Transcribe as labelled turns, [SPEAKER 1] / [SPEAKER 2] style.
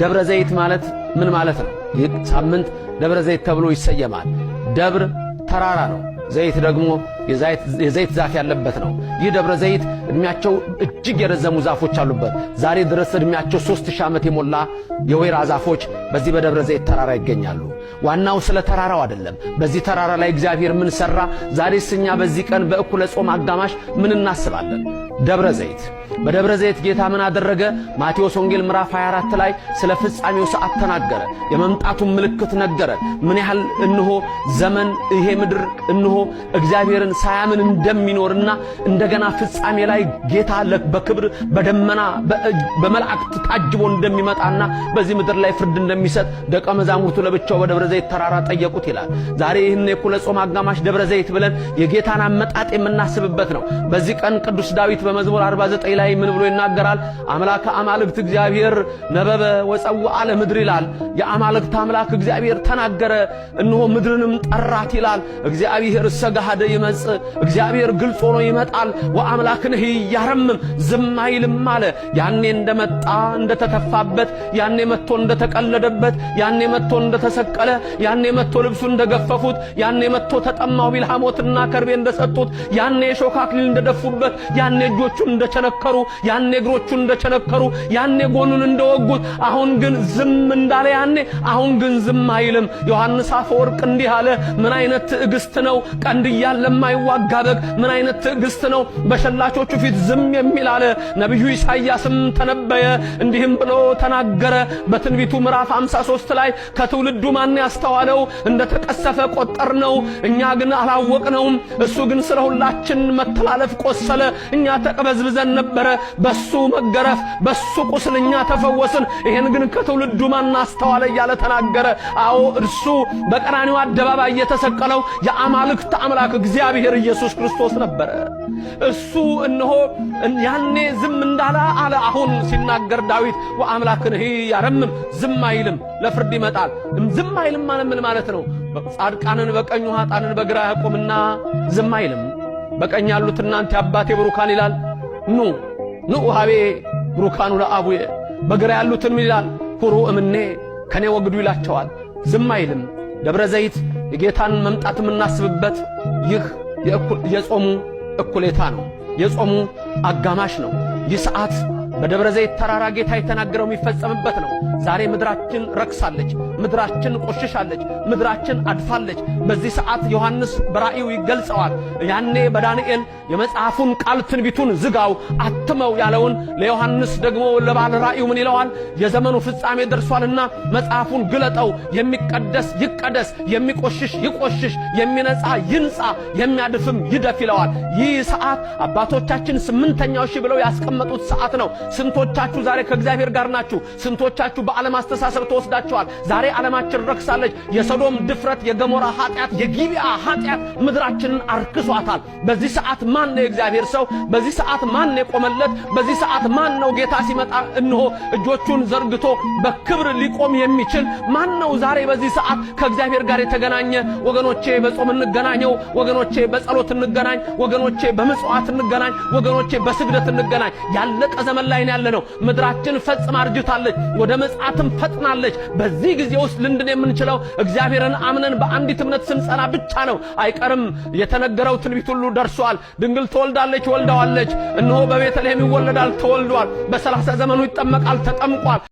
[SPEAKER 1] ደብረ ዘይት ማለት ምን ማለት ነው? ይህ ሳምንት ደብረ ዘይት ተብሎ ይሰየማል። ደብር ተራራ ነው። ዘይት ደግሞ የዘይት ዛፍ ያለበት ነው። ይህ ደብረ ዘይት እድሜያቸው እጅግ የረዘሙ ዛፎች አሉበት። ዛሬ ድረስ እድሜያቸው ሦስት ሺህ ዓመት የሞላ የወይራ ዛፎች በዚህ በደብረ ዘይት ተራራ ይገኛሉ። ዋናው ስለ ተራራው አይደለም። በዚህ ተራራ ላይ እግዚአብሔር ምን ሠራ? ዛሬስ እኛ በዚህ ቀን በእኩለ ጾም አጋማሽ ምን እናስባለን? ደብረ ዘይት በደብረ ዘይት ጌታ ምን አደረገ? ማቴዎስ ወንጌል ምዕራፍ 24 ላይ ስለ ፍጻሜው ሰዓት ተናገረ። የመምጣቱን ምልክት ነገረ። ምን ያህል እንሆ ዘመን ይሄ ምድር እንሆ እግዚአብሔርን ሳያምን እንደሚኖርና እንደገና ፍጻሜ ላይ ጌታ በክብር በደመና በመላእክት ታጅቦ እንደሚመጣና በዚህ ምድር ላይ ፍርድ እንደሚሰጥ ደቀ መዛሙርቱ ለብቻው በደብረ ዘይት ተራራ ጠየቁት ይላል። ዛሬ ይህን የኩለ ጾም አጋማሽ ደብረ ዘይት ብለን የጌታን አመጣጥ የምናስብበት ነው። በዚህ ቀን ቅዱስ ዳዊት በመዝሙር 49 ላይ ምን ብሎ ይናገራል? አምላከ አማልክት እግዚአብሔር ነበበ ወፀውአ ለምድር ይላል። የአማልክት አምላክ እግዚአብሔር ተናገረ፣ እነሆ ምድርንም ጠራት ይላል። እግዚአብሔር ሰጋሃደ ይመጽእ ሲገልጽ እግዚአብሔር ግልጽ ሆኖ ይመጣል። ወአምላክንህ እያረምም ዝም አይልም አለ። ያኔ እንደመጣ እንደተተፋበት፣ ያኔ መጥቶ እንደተቀለደበት፣ ያኔ መጥቶ እንደተሰቀለ፣ ያኔ መጥቶ ልብሱ እንደገፈፉት፣ ያኔ መጥቶ ተጠማው ቢል ሐሞትና ከርቤ እንደሰጡት፣ ያኔ የሾህ አክሊል እንደደፉበት፣ ያኔ እጆቹን እንደቸነከሩ፣ ያኔ እግሮቹን እንደቸነከሩ፣ ያኔ ጎኑን እንደወጉት፣ አሁን ግን ዝም እንዳለ ያኔ አሁን ግን ዝም አይልም። ዮሐንስ አፈወርቅ እንዲህ አለ። ምን አይነት ትዕግስት ነው ቀንድ እያለማ የማይዋጋ በግ ምን አይነት ትዕግስት ነው! በሸላቾቹ ፊት ዝም የሚል አለ። ነቢዩ ኢሳይያስም ተነበየ፣ እንዲህም ብሎ ተናገረ። በትንቢቱ ምዕራፍ 53 ላይ ከትውልዱ ማን ያስተዋለው እንደተቀሰፈ ቆጠር ነው፣ እኛ ግን አላወቅነውም። እሱ ግን ስለ ሁላችን መተላለፍ ቆሰለ፣ እኛ ተቅበዝብዘን ነበረ። በሱ መገረፍ በሱ ቁስል እኛ ተፈወስን። ይሄን ግን ከትውልዱ ማን አስተዋለ እያለ ተናገረ። አዎ እርሱ በቀራኒው አደባባይ የተሰቀለው የአማልክት አምላክ እግዚአብሔር እግዚአብሔር ኢየሱስ ክርስቶስ ነበረ። እሱ እነሆ ያኔ ዝም እንዳላ አለ። አሁን ሲናገር ዳዊት ወአምላክንህ ያረምም፣ ዝም አይልም፣ ለፍርድ ይመጣል። ዝም አይልም ማለት ምን ማለት ነው? ጻድቃንን በቀኙ ኃጣንን በግራ ያቆምና ዝም አይልም። በቀኝ ያሉት እናንተ አባቴ ብሩካን ይላል። ኑ ኑ ሃቤ ብሩካኑ ለአቡዬ። በግራ ያሉትን ምን ይላል? ኩሩ እምኔ ከኔ ወግዱ ይላቸዋል። ዝም አይልም። ደብረ ዘይት የጌታን መምጣት የምናስብበት ይህ የጾሙ እኩሌታ ነው፣ የጾሙ አጋማሽ ነው። ይህ ሰዓት በደብረ ዘይት ተራራ ጌታ የተናገረው የሚፈጸምበት ነው። ዛሬ ምድራችን ረክሳለች፣ ምድራችን ቆሽሻለች፣ ምድራችን አድፋለች። በዚህ ሰዓት ዮሐንስ በራእዩ ይገልጸዋል። ያኔ በዳንኤል የመጽሐፉን ቃል ትንቢቱን ዝጋው አትመው ያለውን ለዮሐንስ ደግሞ ለባለ ራእዩ ምን ይለዋል? የዘመኑ ፍጻሜ ደርሷልና መጽሐፉን ግለጠው፣ የሚቀደስ ይቀደስ፣ የሚቆሽሽ ይቆሽሽ፣ የሚነጻ ይንጻ፣ የሚያድፍም ይደፍ ይለዋል። ይህ ሰዓት አባቶቻችን ስምንተኛው ሺህ ብለው ያስቀመጡት ሰዓት ነው። ስንቶቻችሁ ዛሬ ከእግዚአብሔር ጋር ናችሁ? ስንቶቻችሁ በዓለም አስተሳሰብ ተወስዳችኋል? ዛሬ ዓለማችን ረክሳለች። የሰዶም ድፍረት፣ የገሞራ ኃጢአት፣ የጊቢያ ኃጢአት ምድራችንን አርክሷታል። በዚህ ሰዓት ማን ነው የእግዚአብሔር ሰው? በዚህ ሰዓት ማን ነው የቆመለት? በዚህ ሰዓት ማን ነው ጌታ ሲመጣ እንሆ እጆቹን ዘርግቶ በክብር ሊቆም የሚችል ማን ነው? ዛሬ በዚህ ሰዓት ከእግዚአብሔር ጋር የተገናኘ ወገኖቼ፣ በጾም እንገናኘው ወገኖቼ፣ በጸሎት እንገናኝ ወገኖቼ፣ በምጽዋት እንገናኝ ወገኖቼ፣ በስግደት እንገናኝ ያለቀ ዘመን ላይ ላይ ያለ ነው። ምድራችን ፈጽማ አርጅታለች፣ ወደ መጽአትም ፈጥናለች። በዚህ ጊዜ ውስጥ ልንድን የምንችለው እግዚአብሔርን አምነን በአንዲት እምነት ስንጸና ብቻ ነው። አይቀርም፣ የተነገረው ትንቢት ሁሉ ደርሷል። ድንግል ትወልዳለች፣ ወልዳዋለች። እነሆ በቤተልሔም ይወለዳል፣ ተወልዷል። በሰላሳ ዘመኑ ይጠመቃል፣ ተጠምቋል።